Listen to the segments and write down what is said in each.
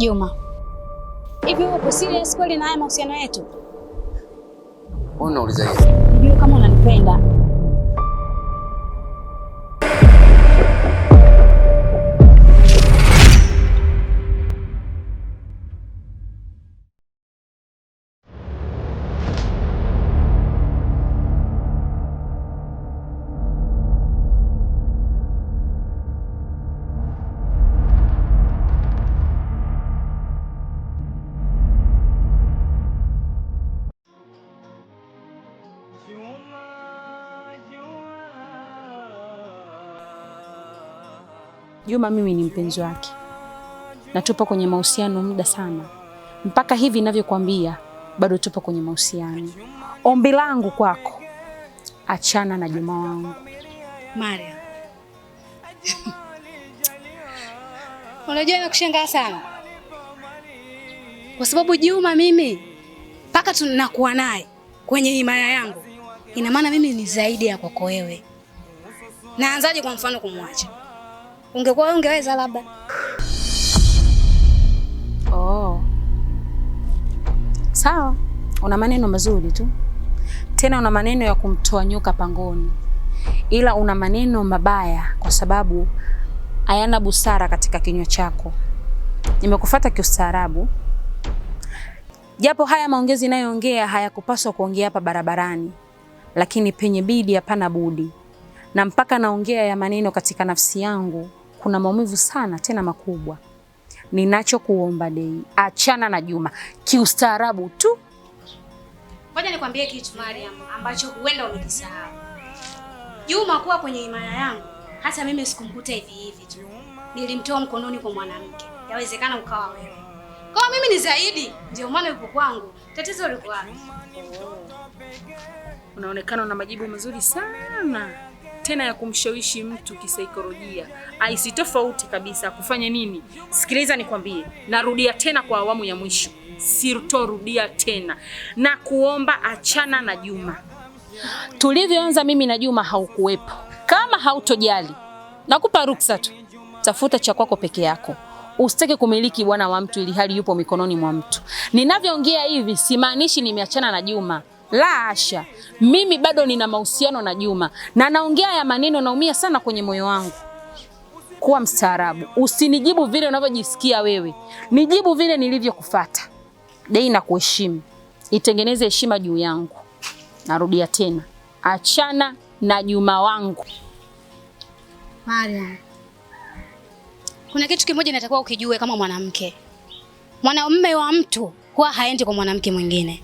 Juma, hivi uko serious kweli na haya mahusiano yetu? Unauliza hivi? Unajua kama unanipenda Juma mimi ni mpenzi wake na tupo kwenye mahusiano muda sana, mpaka hivi ninavyokuambia bado tupo kwenye mahusiano. Ombi langu kwako, achana na Juma wangu Maria. Unajua nakushangaa sana kwa sababu Juma mimi mpaka tunakuwa naye kwenye himaya yangu, ina maana mimi ni zaidi ya kwako wewe. Naanzaje kwa mfano kumwacha? Ungekuwa wewe ungeweza labda. Oh. Sawa, una maneno mazuri tu, tena una maneno ya kumtoa nyoka pangoni, ila una maneno mabaya kwa sababu hayana busara katika kinywa chako. Nimekufuata kiustaarabu, japo haya maongezi inayoongea hayakupaswa kuongea hapa barabarani, lakini penye bidi hapana budi, na mpaka naongea ya maneno katika nafsi yangu kuna maumivu sana tena makubwa. Ninachokuomba Dei, achana na Juma kiustaarabu tu. Ngoja nikwambie kitu Mariam, ambacho huenda umekisahau. Juma kuwa kwenye imani yangu, hata mimi sikumkuta hivi hivi tu, nilimtoa mkononi kwa mwanamke. Yawezekana ukawa wewe. Kwa mimi ni zaidi, ndio maana yupo kwangu. Tatizo liko wapi? Unaonekana na majibu mazuri sana tena ya kumshawishi mtu kisaikolojia. Aisi tofauti kabisa kufanya nini? Sikiliza nikwambie, narudia tena kwa awamu ya mwisho, sitorudia tena na kuomba, achana na Juma. Tulivyoanza mimi na Juma haukuwepo. Kama hautojali, nakupa ruksa tu, tafuta cha kwako peke yako. Usitake kumiliki bwana wa mtu ili hali yupo mikononi mwa mtu. Ninavyoongea hivi simaanishi nimeachana na Juma. La asha, mimi bado nina mahusiano na Juma na naongea ya maneno, naumia sana kwenye moyo wangu. Kuwa mstaarabu, usinijibu vile unavyojisikia wewe, nijibu vile nilivyokufata. Dei na kuheshimu, itengeneze heshima juu yangu. Narudia tena, achana na Juma wangu. Mara, kuna kitu kimoja natakiwa ukijue kama mwanamke, mwanamume wa mtu huwa haendi kwa mwanamke mwingine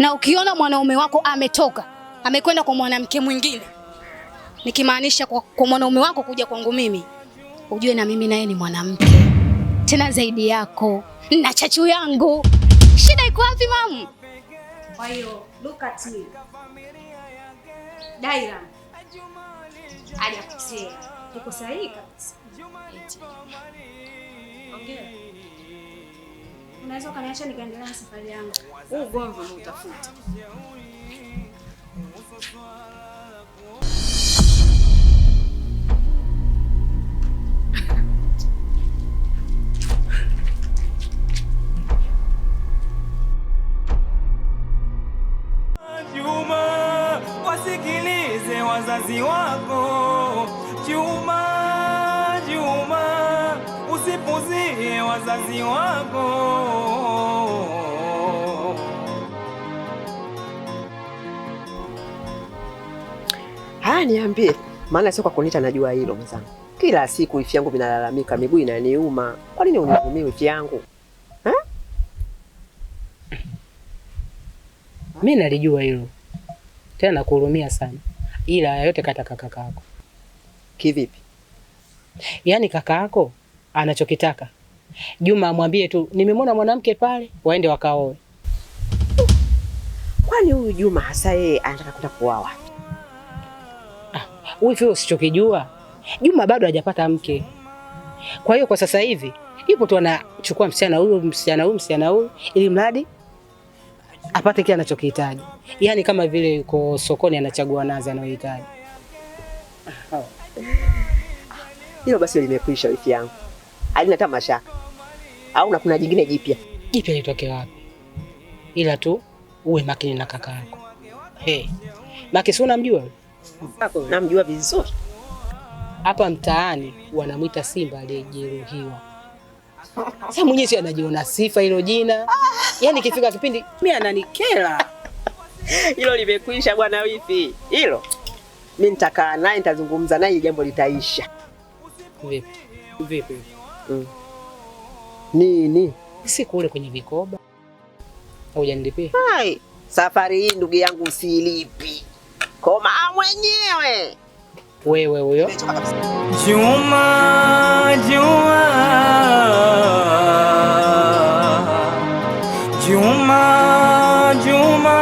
na ukiona mwanaume wako ametoka amekwenda kwa mwanamke mwingine, nikimaanisha kwa, kwa mwanaume wako kuja kwangu mimi, ujue na mimi naye ni mwanamke, tena zaidi yako na chachu yangu. Shida iko wapi mamu? Kwa hiyo look at me Daira aja uko sahihi kabisa unaweza ukaniacha nikaendelea na safari yangu. Huu ugomvi utafuta Chuma, wasikilize wazazi wako Chuma. wazazi wako, haya niambie, maana sio kwa kunita, najua hilo mzangu. Kila siku wifi yangu vinalalamika, miguu inaniuma. Kwa nini unihurumii wifi yangu? Mi nalijua hilo tena, nakuhurumia sana, ila yote kaka kakaako. Kivipi? Yaani kakaako anachokitaka Juma amwambie tu nimemwona mwanamke pale, waende wakaoe. Kwani huyu Juma hasa yeye anataka kwenda kuoa wapi? Wewe ah, usichokijua, Juma bado hajapata mke. Kwa hiyo kwa sasa hivi yupo tu anachukua msichana huyu msichana huyu msichana huyu, ili mradi apate kile anachokihitaji, yaani kama vile yuko sokoni anachagua nazi anayohitaji. Ah, oh. ah, hilo basi limekwisha, wiki yangu alina hata mashaka au na kuna jingine jipya? Jipya litoke wapi? Ila tu uwe makini na kaka yako. Hey, Maki si unamjua? Namjua vizuri. Hapa mtaani wanamwita simba aliyejeruhiwa. Sasa mwenyewe si anajiona sifa hilo jina. Yaani kifika kipindi mimi ananikela Hilo limekwisha bwana wifi. Hilo mimi nitakaa naye nitazungumza naye jambo litaisha. Vipi? Vipi? Mm nini? Si kule kwenye vikoba aujanilipia? Hai, safari hii ndugu yangu usilipi koma mwenyewe wewe huyo Juma, Juma, Juma, Juma,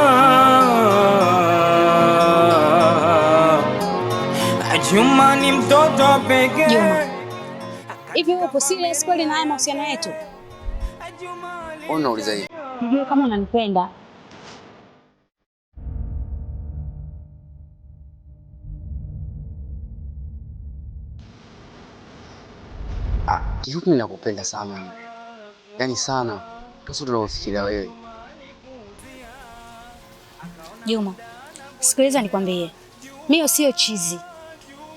Juma ni mtoto pekee hivi upo serious kweli na haya mahusiano yetu? Unauliza hivi sijui kama unanipenda. Ah, kifupi nakupenda sana, yaani sana, kuhusu tunavyofikiria wewe Juma. Sikiliza nikwambie, mimi sio chizi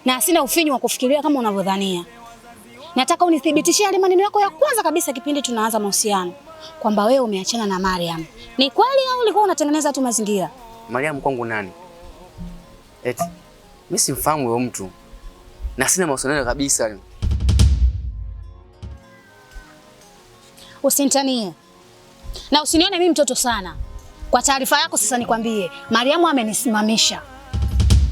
na sina ufinyu wa kufikiria kama unavyodhania. Nataka unithibitishie yale maneno yako ya kwanza kabisa kipindi tunaanza mahusiano kwamba wewe umeachana na Mariam. Ni kweli au ulikuwa unatengeneza tu mazingira? Mariam kwangu nani? Eti mimi simfahamu huyo mtu na sina mahusiano kabisa. Usinitanie na usinione mimi mtoto sana. Kwa taarifa yako sasa nikwambie, Mariamu amenisimamisha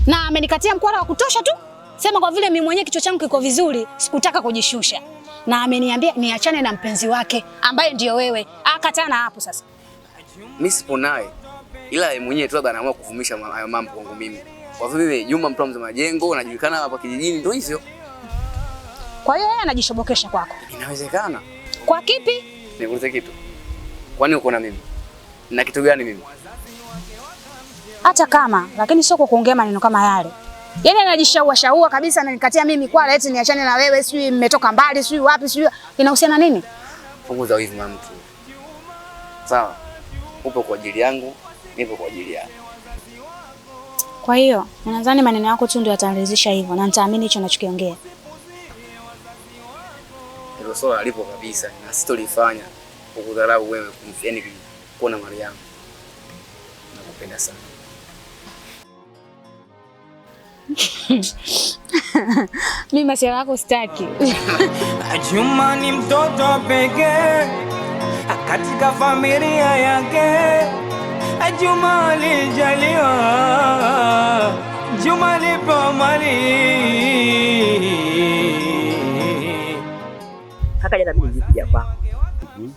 na amenikatia mkwara wa kutosha tu Sema kwa vile mimi mwenyewe kichwa changu kiko vizuri, sikutaka kujishusha, na ameniambia niachane na mpenzi wake ambaye ndio wewe. Akatana hapo sasa. Mimi sipo naye, ila yeye mwenyewe tu anaamua kuvumisha hayo mambo kwangu mimi, kwa vile Juma mtu mzima majengo, anajulikana hapa kijijini, ndio hivyo. Kwa hiyo yeye anajishobokesha kwako. Inawezekana. Kwa kipi? Nikuulize kitu, kwani uko na mimi na kitu gani mimi? Hata kama lakini sio kwa kuongea maneno kama yale Yaani anajishaua shaua kabisa ananikatia mimi kwa eti niachane na wewe, sijui mmetoka mbali, sijui wapi, sijui inahusiana nini? Punguza wivu mwa mtu. Sawa. Upo kwa ajili yangu, nipo kwa ajili yako. Kwa hiyo, nadhani maneno yako tu ndio yataridhisha hivyo na nitaamini hicho unachokiongea. Hilo swala alipo kabisa na sitolifanya kukudharau wewe, kumfieni yaani kuona mali yangu. Nakupenda sana. Mimi masiara yako sitaki. Juma ni mtoto pekee katika familia yake. Juma alijaliwa, Juma alipo mali. Kaka, jana mimi nilikuja kwako mm-hmm.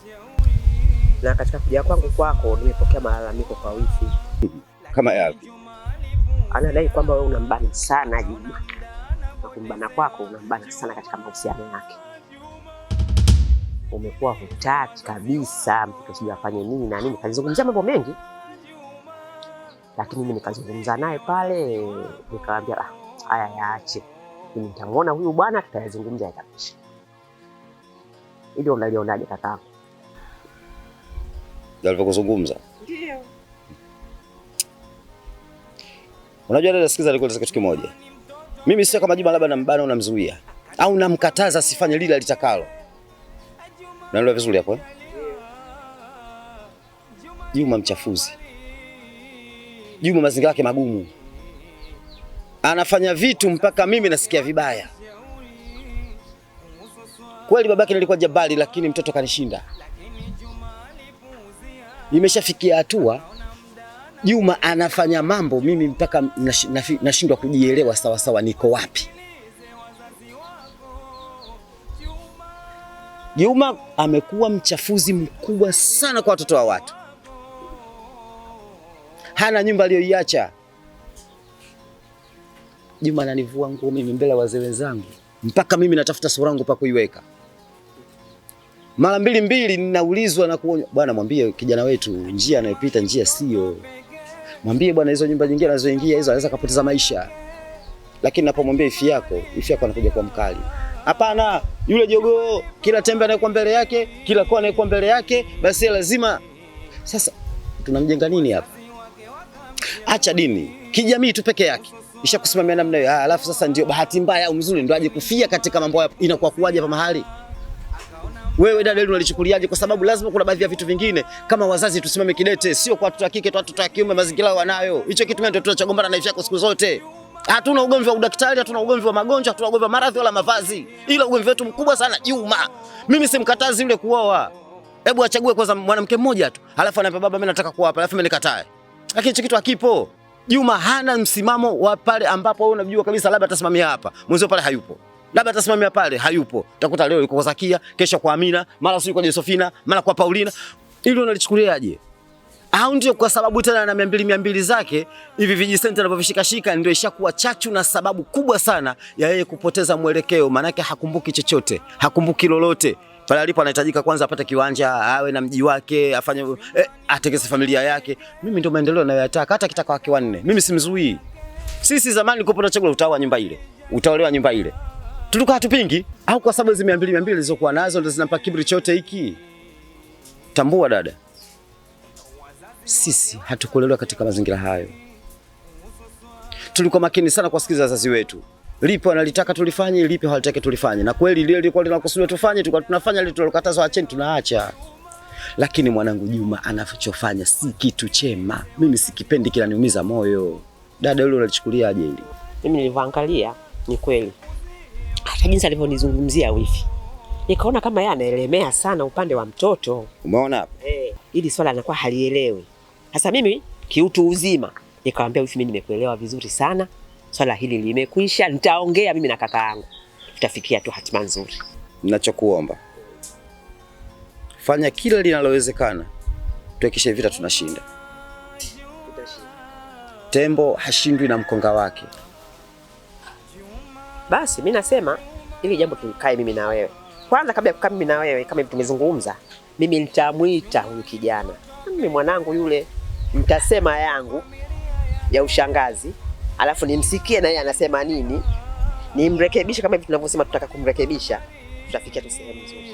na katika kuja kwangu kwako nimepokea malalamiko kwa wifi. Kama yapi? anadai kwamba wewe unambana sana Juma, na kumbana kwako unambana sana katika mahusiano yake. Umekuwa hutaki kabisa mtoto sijui afanye nini na nini, kalizungumzia mambo mengi, lakini mimi nikazungumza naye pale, nikamwambia ah, haya yaache, mimi nitamwona huyu bwana, tutayazungumza yataisha. Hilo unalionaje kakangu alivyokuzungumza Unajua dada, sikiza, alikuwa kitu kimoja. Mimi sio kama Juma labda nambana unamzuia au namkataza asifanye lile alitakalo. Naelewa vizuri hapo. Eh? Juma mchafuzi. Juma mazingira yake magumu. Anafanya vitu mpaka mimi nasikia vibaya. Kweli babake nilikuwa jabali, lakini mtoto kanishinda. Nimeshafikia hatua Juma anafanya mambo mimi mpaka nashindwa kujielewa sawasawa, niko wapi? Juma amekuwa mchafuzi mkubwa sana kwa watoto wa watu. Hana nyumba aliyoiacha. Juma ananivua nguo mimi mbele ya wazee wenzangu, mpaka mimi natafuta sura yangu pa kuiweka. Mara mbili mbili ninaulizwa na kuonywa, bwana, mwambie kijana wetu njia anayopita njia sio mwambie bwana, hizo nyumba nyingine anazoingia hizo anaweza kupoteza maisha. Lakini napomwambia ifi yako, ifi yako anakuja kwa mkali. Hapana, yule jogoo kila tembe anayekuwa mbele yake, kila kwa anayekuwa mbele yake, basi lazima. Sasa tunamjenga nini hapa? Acha dini, kijamii tu peke yake ishakusimamia namna hiyo. Ah, alafu sasa ndio bahati mbaya au mzuri ndio aje kufia katika mambo inakuwa kuwaje hapa mahali wewe dada hilo unalichukuliaje? Kwa sababu lazima kuna baadhi ya vitu vingine kama wazazi tusimame kidete, sio kwa watoto wa kike tu, watoto wa kiume mazingira wanayo. Hicho kitu mimi ndio tunachogombana na yako siku zote. Hatuna ugomvi wa udaktari, hatuna ugomvi wa magonjwa, hatuna ugomvi wa maradhi wala mavazi, ila ugomvi wetu mkubwa sana Juma, mimi simkatazi yule kuoa. Hebu achague kwanza mwanamke mmoja tu, alafu anambia baba, mimi nataka kuoa hapa, alafu mimi nikatae. Lakini hicho kitu hakipo. Juma hana msimamo wa pale ambapo wewe unajua kabisa labda atasimamia hapa, mwenzio pale hayupo labda atasimamia pale, hayupo. Utakuta leo yuko kwa Zakia, kesho kwa Amina, mara sio kwa Josefina, mara kwa Paulina. Ili unalichukuliaje? Au ndio kwa sababu tena na mia mbili mia mbili zake hivi vijisenti anavyovishika shika ndio ishakuwa chachu na sababu kubwa sana ya yeye kupoteza mwelekeo, maanake hakumbuki chochote, hakumbuki lolote pale alipo. Anahitajika kwanza apate kiwanja, awe na mji wake, afanye eh, atekeze familia yake. Mimi ndio maendeleo ninayoyataka, hata kitaka wake wanne, mimi simzuii. Sisi zamani kulikuwa tunachagua, utaoa nyumba ile, utaolewa nyumba ile tulikuwa hatupingi au kwa sababu hizo mia mbili mia mbili zilizokuwa nazo ndo zinampa kiburi chote hiki? Tambua dada, sisi hatukulelewa katika mazingira hayo. Tulikuwa makini sana kuwasikiliza wazazi wetu, lipi wanalitaka tulifanye, lipi hawalitaki tulifanye, na kweli lile lilikuwa linakusudiwa tufanye, tulikuwa tunafanya, lile tulilokatazwa acheni, tunaacha. Lakini mwanangu Juma anachofanya si kitu chema, mimi sikipendi, kinaniumiza moyo. Dada, yule unalichukuliaje hili? Mimi nilivyoangalia ni kweli hata jinsi alivyonizungumzia wifi, nikaona kama yeye anaelemea sana upande wa mtoto, umeona eh, ili swala anakuwa halielewi. Sasa mimi kiutu uzima nikamwambia wifi, mimi nimekuelewa vizuri sana, swala hili limekwisha, nitaongea mimi na kaka yangu, tutafikia tu hatima nzuri. Ninachokuomba fanya kila linalowezekana, tuhakikishe vita tunashinda. Tembo hashindwi na mkonga wake. Basi mimi nasema ili jambo tulikae mimi na wewe kwanza, kabla ya kukaa mimi na wewe, kama tumezungumza, mimi nitamwita huyu kijana, mimi mwanangu yule, nitasema yangu ya ushangazi, alafu nimsikie na yeye anasema nini, nimrekebishe kama hivi tunavyosema, tutaka kumrekebisha, tutafikia tu sehemu nzuri.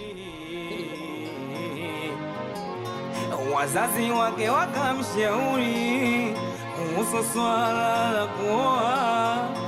Wazazi wake wakamshauri kuhusu swala la kuoa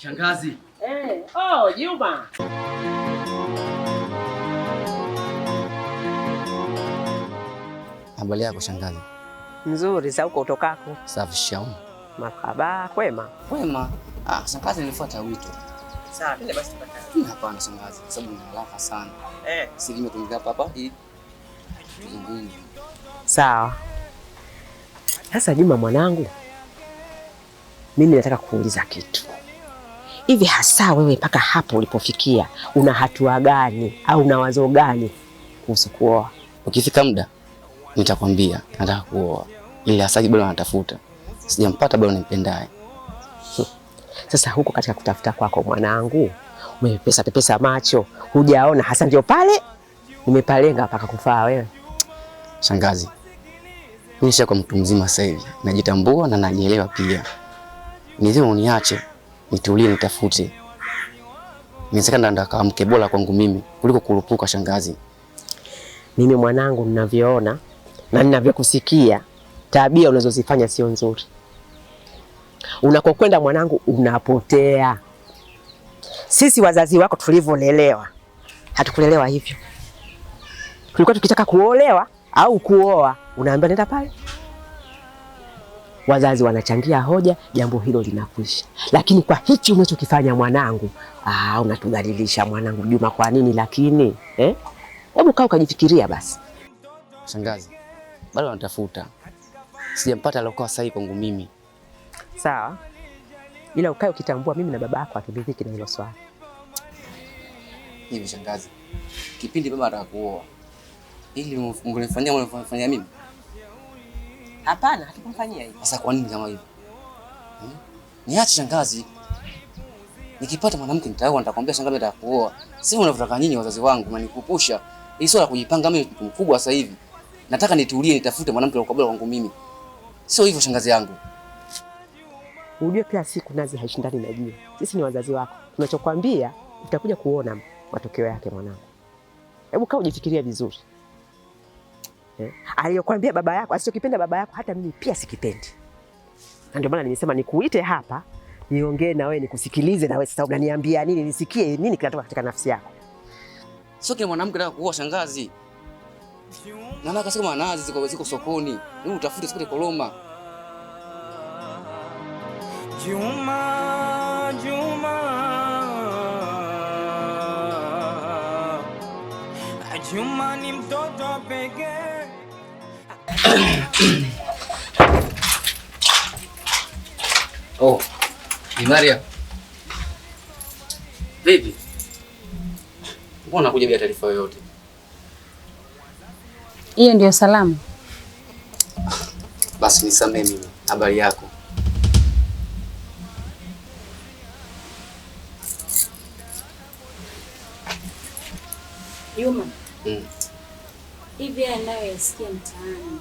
Shangazi. Eh, oh, Juma. Habari yako shangazi? Nzuri, za huko utokako? Safi shauri. Marhaba, kwema? Kwema. Ah, shangazi nilifuata wito. Safi, ile basi tupatane. Hapana shangazi, kwa sababu nina haraka sana. Eh, sisi tumetumika hapa hapa hii. tuzungumze. Sawa. Sasa Juma mwanangu, mimi nataka kuuliza kitu hivi hasa wewe mpaka hapo ulipofikia una hatua gani au una wazo gani kuhusu kuoa? Ukifika muda nitakwambia nataka kuoa, ili hasa bado anatafuta, sijampata bado nimpendaye. Sasa huko katika kutafuta kwako, mwanangu, umepesa pepesa macho, hujaona hasa, ndio pale umepalenga mpaka kufaa wewe. Shangazi, mimi nishakuwa mtu mzima sasa hivi, najitambua na najielewa pia, nivyo uniache nitulie, nitafute. Inawezekana ndo akaamke, bora kwangu mimi kuliko kurupuka. Shangazi, mimi mwanangu, ninavyoona na ninavyokusikia, tabia unazozifanya sio nzuri. Unakokwenda mwanangu, unapotea. Sisi wazazi wako tulivyolelewa, hatukulelewa hivyo. Tulikuwa tukitaka kuolewa au kuoa, unaambia nenda pale wazazi wanachangia hoja, jambo hilo linakwisha. Lakini kwa hichi unachokifanya mwanangu, ah, unatudhalilisha mwanangu Juma. Kwa nini lakini eh? Hebu kaa ukajifikiria basi. Shangazi bado wanatafuta, sijampata aliokuwa sahihi kwangu mimi. Sawa, ila ukae ukitambua mimi na baba yako haturidhiki na hilo swali. Hivi shangazi, kipindi baba atakuoa ili ungenifanyia ungenifanyia mimi Hapana, hatukumfanyia hivyo. Sasa kwa nini kama hivyo? Hmm? Niache shangazi. Nikipata mwanamke nitaoa, nitakwambia shangazi atakuoa. Si unavyotaka nyinyi wazazi wangu mnanikupusha. Hii swala kujipanga mimi ni mkubwa sasa hivi. Nataka nitulie nitafute mwanamke wa kabla wangu mimi. Sio hivyo shangazi yangu. Unajua kila siku nazi haishindani na jiwe. Sisi ni wazazi wako. Tunachokwambia utakuja kuona matokeo yake mwanangu. Hebu kaa ujifikiria vizuri eh, aliyokwambia baba yako asichokipenda baba yako, hata mimi pia sikipendi. na Ndio maana nimesema nikuite hapa niongee na wewe, nikusikilize na wewe sasa unaniambia nini, nisikie nini kinatoka katika nafsi yako. Sio kile mwanamke anataka kuoa shangazi, na akasema nazi ziko ziko sokoni, wewe utafute sikule koloma. Juma, Juma, Juma ni mtoto pekee. Oh, Bi Maria. Vipi? Mbona unakuja bila taarifa yoyote? Hiyo ndio salamu. Basi nisamee mimi. Habari yako? Juma. Mm. Hivi anayesikia mtaani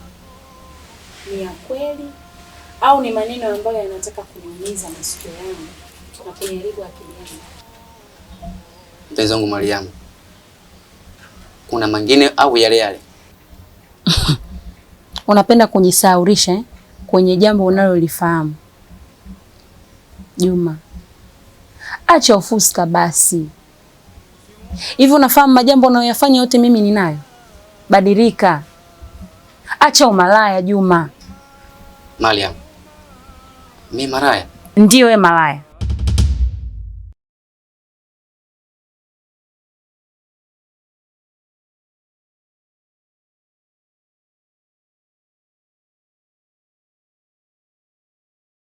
ni ya kweli au ni maneno ambayo yanataka kuniumiza masikio yangu na kuniharibu akili yangu. Mpenzi wangu Mariamu, kuna mengine au yale yale? Unapenda kujisaurisha eh? kwenye jambo unalolifahamu. Juma, acha ufuska basi. Hivi unafahamu majambo unayoyafanya yote mimi ninayo? Badilika, acha umalaya Juma. Mariam, mi maraya? Ndiyo, we maraya.